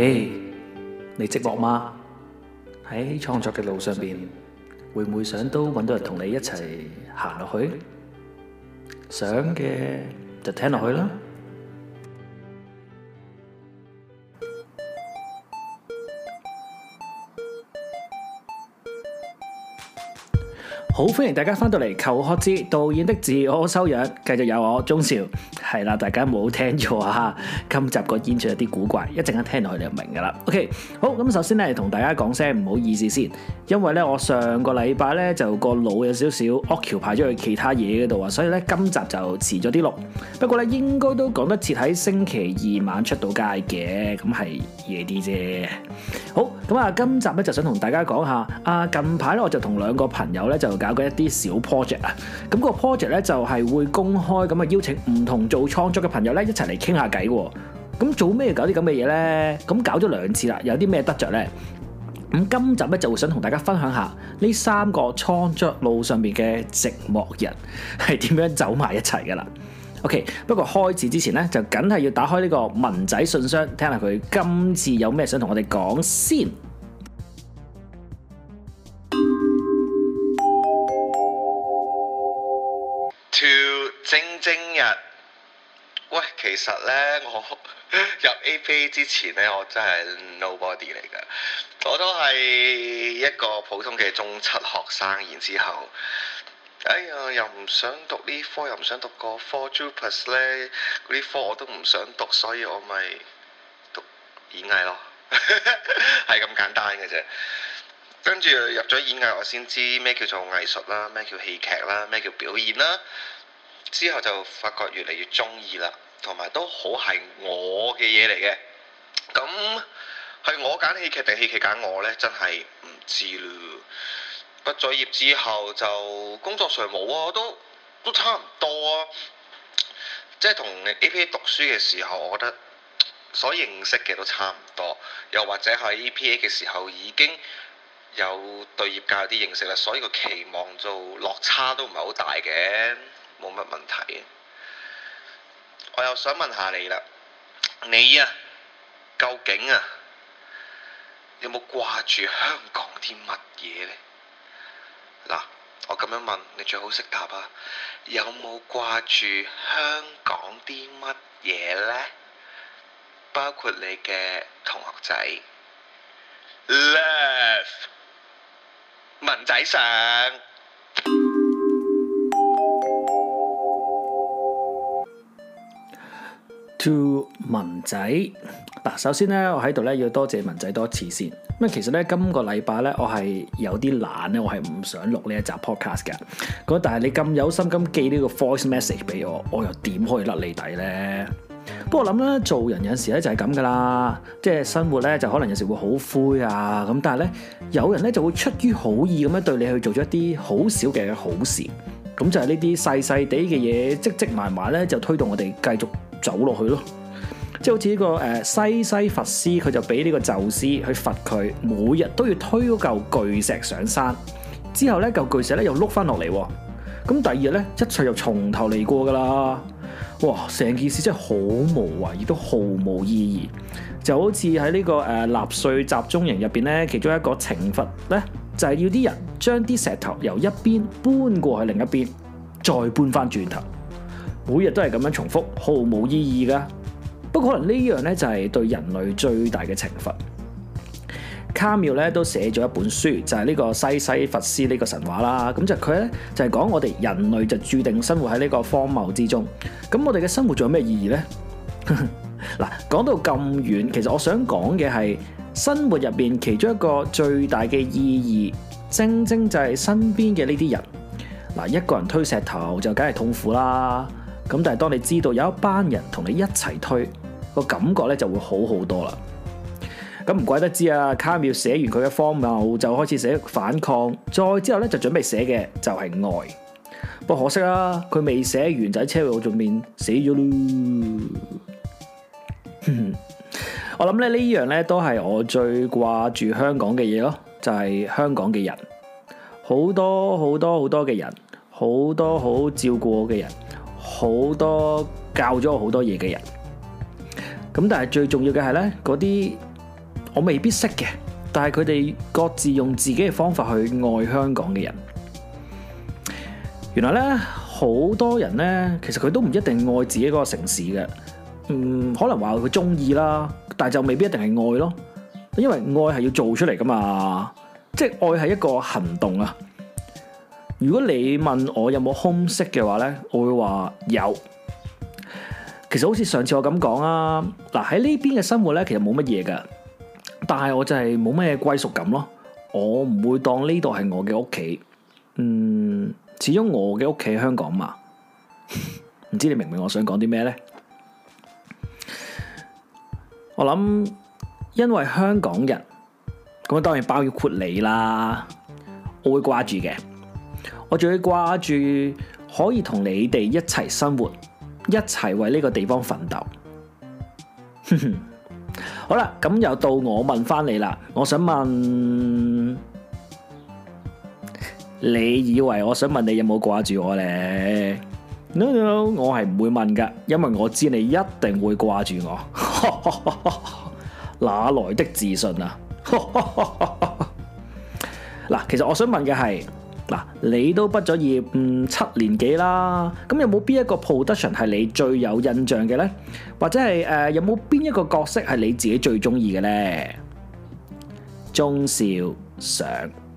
Hey, 你寂寞嗎？喺創作嘅路上面，會唔會想都揾到人同你一齊行落去？想嘅就聽落去啦。好，歡迎大家翻到嚟《求學之導演的自我修養》，繼續有我鍾兆。係啦，大家冇聽錯啊！今集個演出有啲古怪，一陣間聽落去你就明噶啦。OK，好咁，首先咧同大家講聲唔好意思先，因為咧我上個禮拜咧就個腦有少少 occupy 咗去其他嘢嗰度啊，所以咧今集就遲咗啲錄。不過咧應該都講得切喺星期二晚出到街嘅，咁係夜啲啫。好咁啊，今集咧就想同大家講下，啊近排咧我就同兩個朋友咧就。搞過一啲小 project 啊，咁嗰個 project 咧就係會公開咁啊邀請唔同做創作嘅朋友咧一齊嚟傾下偈。咁做咩搞啲咁嘅嘢咧？咁搞咗兩次啦，有啲咩得着咧？咁今集咧就會想同大家分享下呢三個創作路上面嘅寂寞人係點樣走埋一齊噶啦。OK，不過開始之前咧就梗係要打開呢個文仔信箱，聽下佢今次有咩想同我哋講先。其實呢，我入 APA 之前呢，我真係 nobody 嚟㗎。我都係一個普通嘅中七學生，然之後哎呀，又唔想讀呢科，又唔想讀個科，JUPAS 呢，嗰啲科我都唔想讀，所以我咪讀演藝咯，係 咁簡單嘅啫。跟住入咗演藝，我先知咩叫做藝術啦，咩叫戲劇啦，咩叫表演啦。之後就發覺越嚟越中意啦。同埋都好係我嘅嘢嚟嘅，咁係我揀戲劇定戲劇揀我呢？真係唔知啦。畢咗業之後就工作上冇啊，都都差唔多啊。即係同 APA 讀書嘅時候，我覺得所認識嘅都差唔多，又或者喺 APA 嘅時候已經有對業界有啲認識啦，所以個期望就落差都唔係好大嘅，冇乜問題。我又想問下你啦，你呀、啊，究竟啊有冇掛住香港啲乜嘢呢？嗱，我咁樣問你最好識答啊，有冇掛住香港啲乜嘢呢？包括你嘅同學仔，Love 文仔上。文仔嗱，首先咧，我喺度咧要多謝文仔多次先。咁其實咧，今個禮拜咧，我係有啲懶咧，我係唔想錄呢一集 podcast 嘅。咁但係你咁有心咁寄呢個 voice message 俾我，我又點可以甩你底咧？不過諗咧，做人有時咧就係咁噶啦，即係生活咧就可能有時會好灰啊。咁但係咧，有人咧就會出於好意咁樣對你去做咗一啲好少嘅好事，咁就係呢啲細細哋嘅嘢積積埋埋咧，就推動我哋繼續走落去咯，即係好似呢、個誒、呃、西西弗斯，佢就俾呢個宙斯去罰佢，每日都要推嗰嚿巨石上山，之後咧嚿巨石咧又碌翻落嚟，咁第二日咧一切又從頭嚟過噶啦，哇，成件事真係好無謂，亦都毫無意義，就好似喺呢個誒納、呃、粹集中營入邊咧，其中一個懲罰咧就係、是、要啲人將啲石頭由一邊搬過去另一邊，再搬翻轉頭。每日都係咁樣重複，毫無意義㗎。不過可能呢樣呢，就係對人類最大嘅懲罰。卡妙咧都寫咗一本書，就係呢個西西弗斯呢個神話啦。咁就佢呢，就係講我哋人類就注定生活喺呢個荒謬之中。咁我哋嘅生活仲有咩意義呢？嗱， 講到咁遠，其實我想講嘅係生活入邊其中一個最大嘅意義，正正就係身邊嘅呢啲人嗱。一個人推石頭就梗係痛苦啦。咁但係，當你知道有一班人同你一齊推個感覺咧，就會好好多啦。咁唔怪得知啊，卡妙寫完佢嘅方舟就開始寫反抗，再之後咧就準備寫嘅就係愛。不過可惜啊，佢未寫完就喺車路上面死咗咯。 我諗咧呢樣咧都係我最掛住香港嘅嘢咯，就係、是、香港嘅人，好多好多好多嘅人，好多好照顧我嘅人。好多教咗我好多嘢嘅人，咁但係最重要嘅係咧，嗰啲我未必識嘅，但係佢哋各自用自己嘅方法去愛香港嘅人。原來咧，好多人咧，其實佢都唔一定愛自己嗰個城市嘅，嗯，可能話佢中意啦，但係就未必一定係愛咯，因為愛係要做出嚟噶嘛，即係愛係一個行動啊。如果你問我有冇 homesick 嘅話呢，我會話有。其實好似上次我咁講啊，嗱，喺呢邊嘅生活呢，其實冇乜嘢噶。但係我就係冇咩歸屬感咯。我唔會當呢度係我嘅屋企。嗯，始終我嘅屋企係香港嘛。唔 知你明唔明我想講啲咩呢？我諗，因為香港人，咁啊當然包括你啦，我會掛住嘅。我仲會掛住可以同你哋一齊生活，一齊為呢個地方奮鬥。 好啦，咁又到我問翻你啦，我想問，你以為我想問你有冇掛住我咧？No, no，我係唔會問噶，因為我知你一定會掛住我。哪 來的自信啊？嗱， 其實我想問嘅係。嗱，你都畢咗業、嗯、七年幾啦，咁有冇邊一個 production 係你最有印象嘅呢？或者係誒、呃、有冇邊一個角色係你自己最中意嘅呢？鐘少想。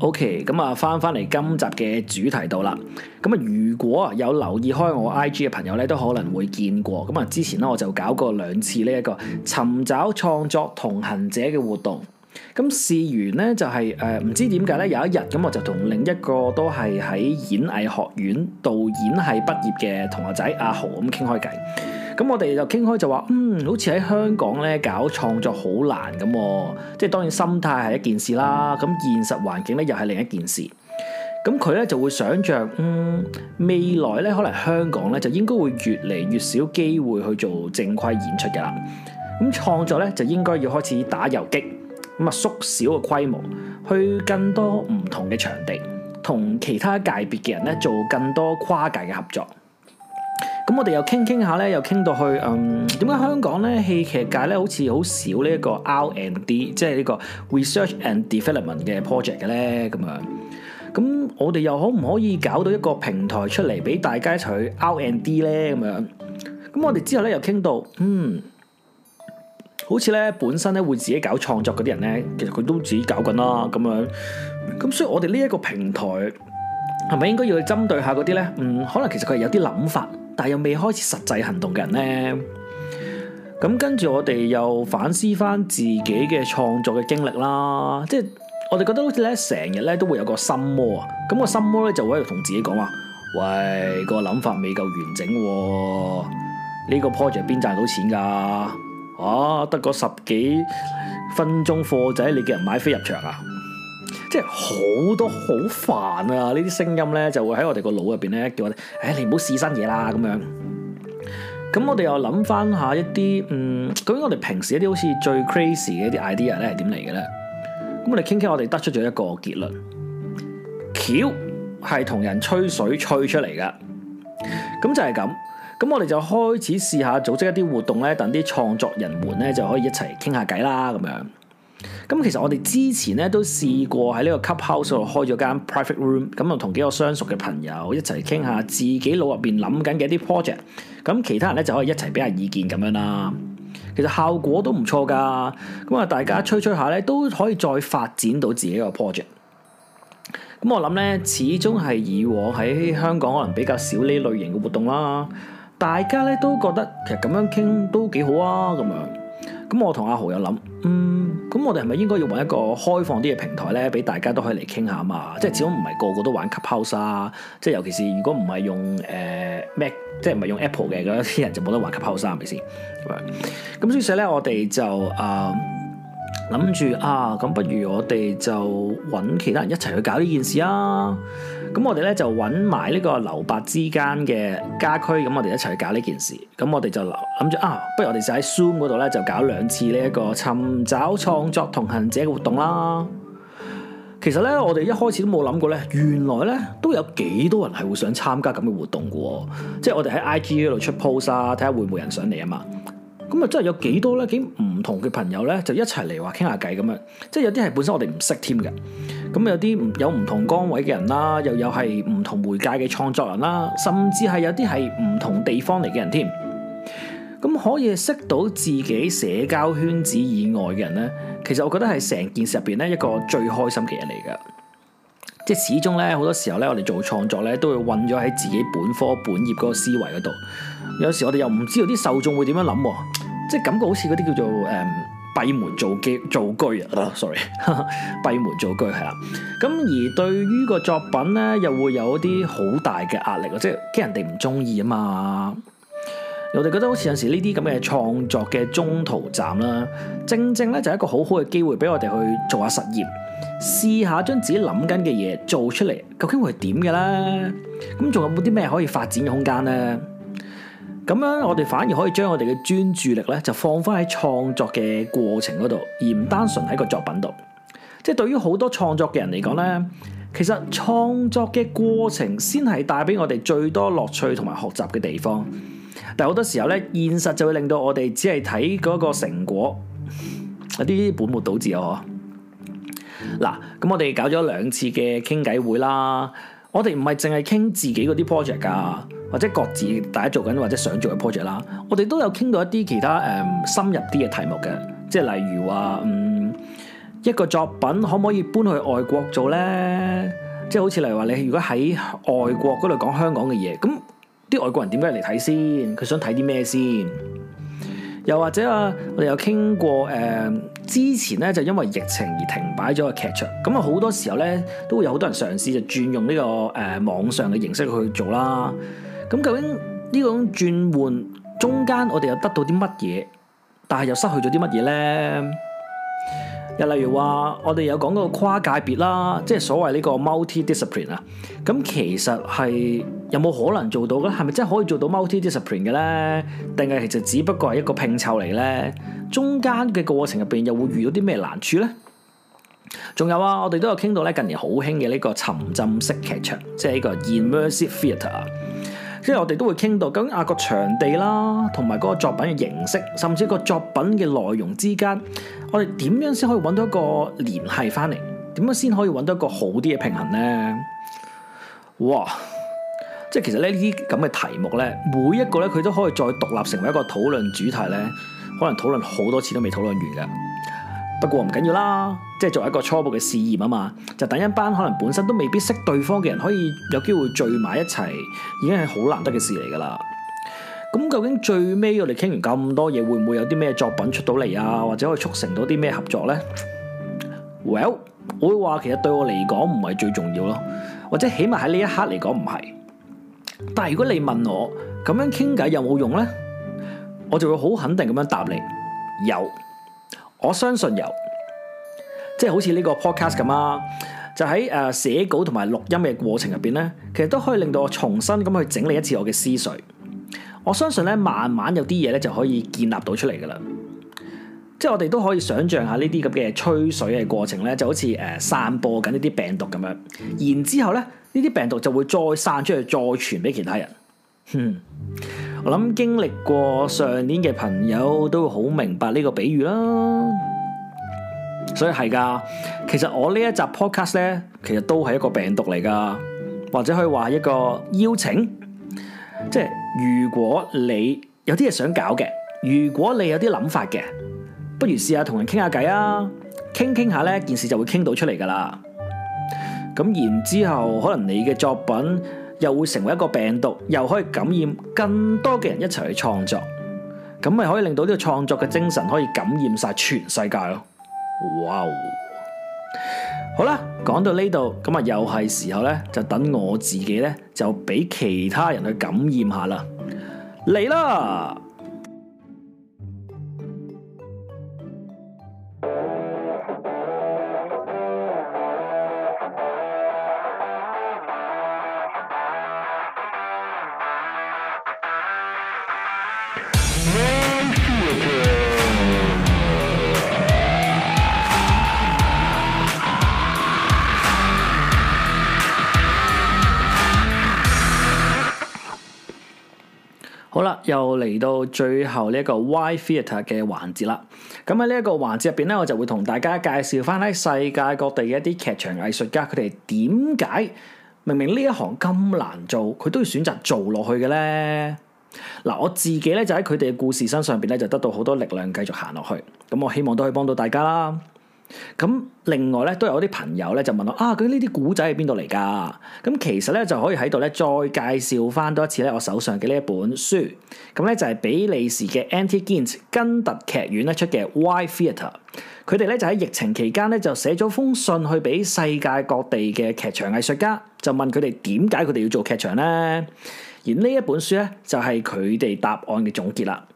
O.K. 咁啊，翻翻嚟今集嘅主題度啦。咁啊，如果有留意開我 I.G 嘅朋友咧，都可能會見過。咁啊，之前咧我就搞過兩次呢、這、一個尋找創作同行者嘅活動。咁事緣咧就係、是、誒，唔、呃、知點解咧有一日咁我就同另一個都係喺演藝學院導演系畢業嘅同學仔阿豪咁傾開偈。咁我哋就傾開就話，嗯，好似喺香港咧搞創作好難咁、啊、喎，即係當然心態係一件事啦，咁現實環境咧又係另一件事。咁佢咧就會想像，嗯，未來咧可能香港咧就應該會越嚟越少機會去做正規演出嘅啦。咁創作咧就應該要開始打游擊，咁啊縮小個規模，去更多唔同嘅場地，同其他界別嘅人咧做更多跨界嘅合作。咁我哋又傾傾下咧，又傾到去，嗯，點解香港咧戲劇界咧好似好少呢一個 R and D，即係呢個 research and development 嘅 project 嘅咧，咁樣。咁我哋又可唔可以搞到一個平台出嚟俾大家一齊去 R and D 咧，咁樣？咁我哋之後咧又傾到，嗯，好似咧本身咧會自己搞創作嗰啲人咧，其實佢都自己搞緊啦，咁樣。咁所以我哋呢一個平台係咪應該要去針對下嗰啲咧？嗯，可能其實佢係有啲諗法。但又未開始實際行動嘅人咧，咁跟住我哋又反思翻自己嘅創作嘅經歷啦，即係我哋覺得好似咧成日咧都會有個心魔啊，咁、個心魔咧就喺度同自己講話，喂，個諗法未夠完整，啊，呢、呢個 project 邊賺到錢噶？啊，得個十幾分鐘貨仔，你叫人買飛入場啊？即係好多好煩啊！呢啲聲音咧就會喺我哋個腦入邊咧，叫我哋，誒你唔好試新嘢啦咁樣。咁我哋又諗翻下一啲，嗯，究竟我哋平時一啲好似最 crazy 嘅一啲 idea 咧係點嚟嘅咧？咁我哋傾傾，我哋得出咗一個結論，橋係同人吹水吹出嚟㗎。咁就係咁。咁我哋就開始試下組織一啲活動咧，等啲創作人們咧就可以一齊傾下偈啦咁樣。咁其實我哋之前咧都試過喺呢個 Clubhouse 度開咗間 private room，咁啊同幾個相熟嘅朋友一齊傾下自己腦入邊諗緊嘅啲 project，咁其他人咧就可以一齊俾下意見咁樣啦。其實效果都唔錯噶，咁啊大家吹吹下咧都可以再發展到自己個 project。咁、嗯、我諗咧，始終係以往喺香港可能比較少呢類型嘅活動啦，大家咧都覺得其實咁樣傾都幾好啊，咁樣。咁我同阿豪有諗，嗯，咁我哋係咪應該要揾一個開放啲嘅平台呢？俾大家都可以嚟傾下啊嘛？即係始終唔係個個都玩 Clubhouse 啊，即係尤其是如果唔係用誒、呃、Mac，即係唔係用 Apple 嘅嗰啲人就冇得玩 Clubhouse Right.、呃、啊，係咪先？咁所以呢，我哋就啊諗住啊，咁不如我哋就揾其他人一齊去搞呢件事啊！咁我哋咧就揾埋呢個留白之間嘅家居，咁我哋一齊去搞呢件事。咁我哋就諗住啊，不如我哋就喺 Zoom 嗰度咧就搞兩次呢、這、一個尋找創作同行者嘅活動啦。其實咧，我哋一開始都冇諗過咧，原來咧都有幾多人係會想參加咁嘅活動嘅。即係我哋喺 IG 嗰度出 post 啊，睇下會唔會有人想嚟啊嘛。咁啊，真係有幾多咧？幾唔同嘅朋友咧，就一齊嚟話傾下偈咁樣，即係有啲係本身我哋唔識添嘅，咁有啲有唔同崗位嘅人啦，又有係唔同媒介嘅創作人啦，甚至係有啲係唔同地方嚟嘅人添。咁可以識到自己社交圈子以外嘅人咧，其實我覺得係成件事入邊咧一個最開心嘅人嚟㗎。即係始終咧，好多時候咧，我哋做創作咧，都會困咗喺自己本科本業嗰個思維嗰度。有時我哋又唔知道啲受眾會點樣諗，即係感覺好似嗰啲叫做誒閉門造機造居啊，sorry， 閉門造居係啦。咁而對於個作品咧，又會有一啲好大嘅壓力，即係驚人哋唔中意啊嘛。我哋覺得好似有時呢啲咁嘅創作嘅中途站啦，正正咧就係一個好好嘅機會，俾我哋去做下實驗，試下將自己諗緊嘅嘢做出嚟，究竟會係點嘅咧？咁仲有冇啲咩可以發展嘅空間咧？咁樣我哋反而可以將我哋嘅專注力咧，就放翻喺創作嘅過程嗰度，而唔單純喺個作品度。即係對於好多創作嘅人嚟講咧，其實創作嘅過程先係帶俾我哋最多樂趣同埋學習嘅地方。但好多時候咧，現實就會令到我哋只係睇嗰個成果，有啲本末倒置啊！嗱，咁、嗯、我哋搞咗兩次嘅傾偈會啦，我哋唔係淨係傾自己嗰啲 project 噶，或者各自大家做緊或者想做嘅 project 啦，我哋都有傾到一啲其他誒、嗯、深入啲嘅題目嘅，即係例如話，嗯，一個作品可唔可以搬去外國做咧？即係好似例如話，你如果喺外國嗰度講香港嘅嘢，咁。啲外國人點解嚟睇先？佢想睇啲咩先？又或者啊，我哋有傾過誒、呃，之前咧就因為疫情而停擺咗個劇場，咁啊好多時候咧都會有好多人嘗試就轉用呢、呢個誒、呃、網上嘅形式去做啦。咁究竟呢個轉換中間，我哋又得到啲乜嘢？但係又失去咗啲乜嘢咧？又例如話，我哋有講過個跨界別啦，即係所謂呢個 multi-discipline 啊。咁其實係。有冇可能做到咧？係咪真係可以做到 multi-discipline 嘅咧？定係其實只不過係一個拼湊嚟咧？中間嘅過程入邊又會遇到啲咩難處咧？仲有啊，我哋都有傾到咧，近年好興嘅呢個沉浸式劇場，即係呢個 immersive theatre。跟住我哋都會傾到咁啊個場地啦，同埋嗰個作品嘅形式，甚至個作品嘅內容之間，我哋點樣先可以搵到一個聯繫翻嚟？點樣先可以搵到一個好啲嘅平衡咧？哇！即係其實呢啲咁嘅題目呢，每一個呢，佢都可以再獨立成為一個討論主題呢。可能討論好多次都未討論完嘅。不過唔緊要啦，即係作為一個初步嘅試驗啊嘛，就等一班可能本身都未必識對方嘅人，可以有機會聚埋一齊，已經係好難得嘅事嚟噶啦。咁究竟最尾我哋傾完咁多嘢，會唔會有啲咩作品出到嚟啊？或者可以促成到啲咩合作呢？Well，我會話其實對我嚟講唔係最重要咯，或者起碼喺呢一刻嚟講唔係。但係如果你問我咁樣傾偈有冇用呢？我就會好肯定咁樣答你，有，我相信有。即係好似呢個 podcast 咁啦，就喺誒寫稿同埋錄音嘅過程入邊呢，其實都可以令到我重新咁去整理一次我嘅思緒。我相信呢，慢慢有啲嘢呢就可以建立到出嚟㗎喇。即係我哋都可以想象下呢啲咁嘅吹水嘅過程呢，就好似誒、呃、散播緊呢啲病毒咁樣，然之後呢。呢啲病毒就會再散出去，再傳俾其他人。嗯，我諗經歷過上年嘅朋友都會好明白呢個比喻啦。所以係㗎，其實我呢一集 Podcast 咧，其實都係一個病毒嚟㗎，或者可以話係一個邀請。即係如果你有啲嘢想搞嘅，如果你有啲諗法嘅，不如試下同人傾下偈啊，傾傾下咧，件事就會傾到出嚟㗎喇。咁然之後，可能你嘅作品又會成為一個病毒，又可以感染更多嘅人一齊去創作，咁咪可以令到呢個創作嘅精神可以感染晒全世界咯！哇、wow! 好啦，講到呢度，咁啊又係時候咧，就等我自己咧就俾其他人去感染下啦，嚟啦！好啦，又嚟到最後呢一個 Why Theatre 嘅環節啦。咁喺呢一個環節入邊咧，我就會同大家介紹翻喺世界各地嘅一啲劇場藝術家，佢哋點解明明呢一行咁難做，佢都要選擇做落去嘅咧？嗱，我自己咧就喺佢哋嘅故事身上邊咧，就得到好多力量繼續行落去。咁我希望都可以幫到大家啦。咁另外咧，都有啲朋友咧就問我啊，佢呢啲古仔係邊度嚟噶？咁其實咧就可以喺度咧再介紹翻多一次咧，我手上嘅呢一本書。咁、嗯、咧就係、是、比利時嘅 NTGent 根特劇院咧出嘅《Why Theatre》。佢哋咧就喺疫情期間咧就寫咗封信去俾世界各地嘅劇場藝術家，就問佢哋點解佢哋要做劇場咧。而呢一本書咧就係佢哋答案嘅總結啦。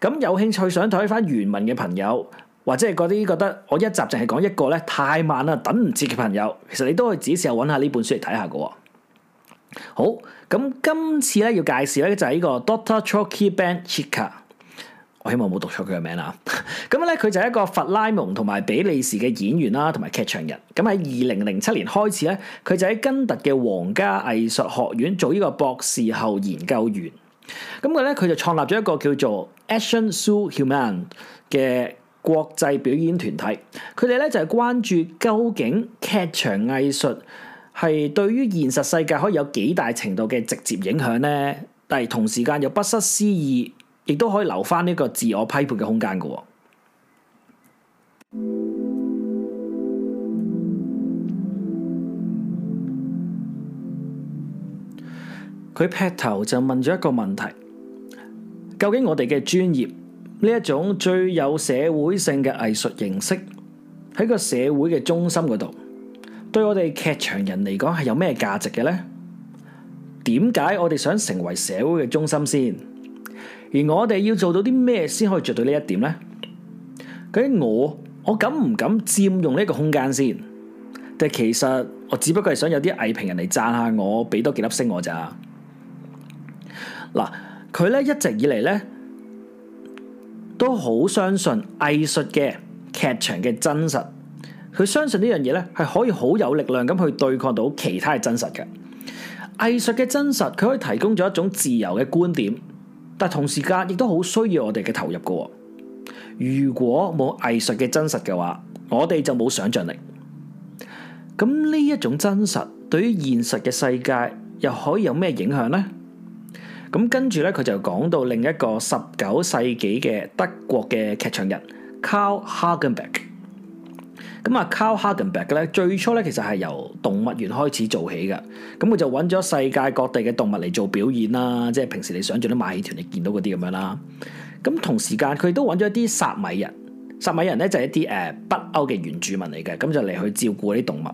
咁、嗯、有興趣想睇翻原文嘅朋友，或者係嗰啲覺得我一集淨係講一個咧太慢啦，等唔切嘅朋友，其實你都可以指試下搵下呢本書嚟睇下嘅。好咁，今次咧要介紹咧就係呢個 Doctor Chokri Ben Chikha，我希望冇讀錯佢嘅名啦。咁咧佢就係一個佛拉蒙同埋比利時嘅演員啦，同埋劇場人。咁喺二零零七年開始咧，佢就喺根特嘅皇家藝術學院做呢個博士後研究員。咁佢咧佢就創立咗一個叫做 Action Zoo Humain 嘅國際表演團體，佢哋咧就係關注究竟劇場藝術係對於現實世界可以有幾大程度嘅直接影響呢？但係同時間又不失詩意，亦都可以留翻呢個自我批判嘅空間嘅。佢 劈頭就問咗一個問題：究竟我哋嘅專業？呢一種最有社會性嘅藝術形式，喺個社會嘅中心嗰度，對我哋劇場人嚟講係有咩價值嘅呢？點解我哋想成為社會嘅中心先？而我哋要做到啲咩先可以做到呢一點呢？究竟我，我敢唔敢佔用呢個空間先？但其實我只不過係想有啲藝評人嚟讚下我，俾多幾粒星我咋？嗱，佢咧一直以嚟咧。都好相信藝術嘅劇場嘅真實，佢相信呢樣嘢咧係可以好有力量咁去對抗到其他嘅真實嘅藝術嘅真實，佢可以提供咗一種自由嘅觀點，但同時間亦都好需要我哋嘅投入嘅。如果冇藝術嘅真實嘅話，我哋就冇想象力。咁呢一種真實對於現實嘅世界又可以有咩影響呢？咁跟住咧，佢就講到另一個十九世紀嘅德國嘅劇場人 Carl Hagenbeck。咁啊，Carl Hagenbeck 咧，最初咧其實係由動物園開始做起嘅。咁佢就揾咗世界各地嘅動物嚟做表演啦，即係平時你想像啲馬戲團你見到嗰啲咁樣啦。咁同時間佢都揾咗一啲薩米人，薩米人咧就係一啲誒北歐嘅原住民嚟嘅，咁就嚟去照顧啲動物。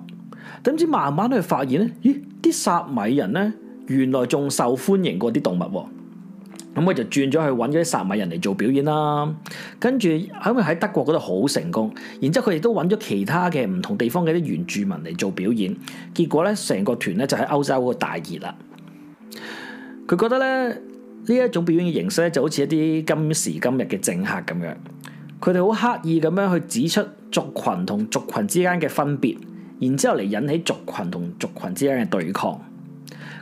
點知慢慢去發現咧，咦，啲薩米人咧？原來仲受歡迎過啲動物喎、哦，咁、嗯、佢就轉咗去揾咗啲薩米人嚟做表演啦。跟住因為喺德國嗰度好成功，然之後佢哋都揾咗其他嘅唔同地方嘅啲原住民嚟做表演。結果咧，成個團咧就喺歐洲度大熱啦。佢覺得咧呢一種表演嘅形式咧就好似一啲今時今日嘅政客咁樣，佢哋好刻意咁樣去指出族群同族群之間嘅分別，然之後嚟引起族群同族群之間嘅對抗。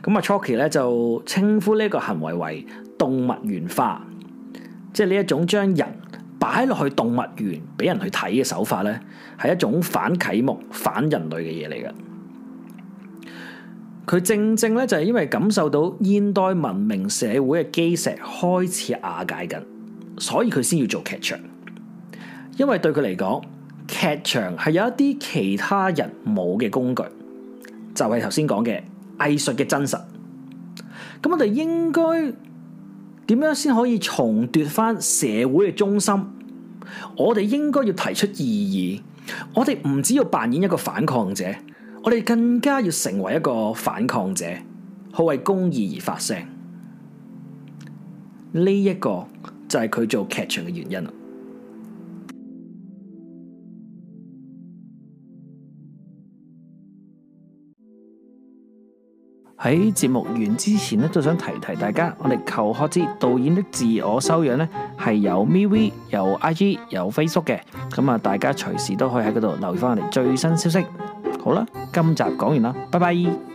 咁啊，Chucky 咧就稱呼呢個行為為動物園化，即係呢一種將人擺落去動物園俾人去睇嘅手法咧，係一種反啟蒙、反人類嘅嘢嚟嘅。佢正正咧就係因為感受到現代文明社會嘅基石開始瓦解緊，所以佢先要做劇場。因為對佢嚟講，劇場係有一啲其他人冇嘅工具，就係頭先講嘅。藝術嘅真實，咁我哋應該點樣先可以重奪翻社會嘅中心？我哋應該要提出異議，我哋唔只要扮演一個反抗者，我哋更加要成為一個反抗者，去為公義而發聲。呢一個就係佢做劇場嘅原因啦。喺節目完之前咧，都想提提大家，我哋求學節導演的自我修養咧，係有 M V、有 I G、有 Facebook 嘅，咁啊，大家隨時都可以喺嗰度留意返我哋最新消息。好啦，今集講完啦，拜拜。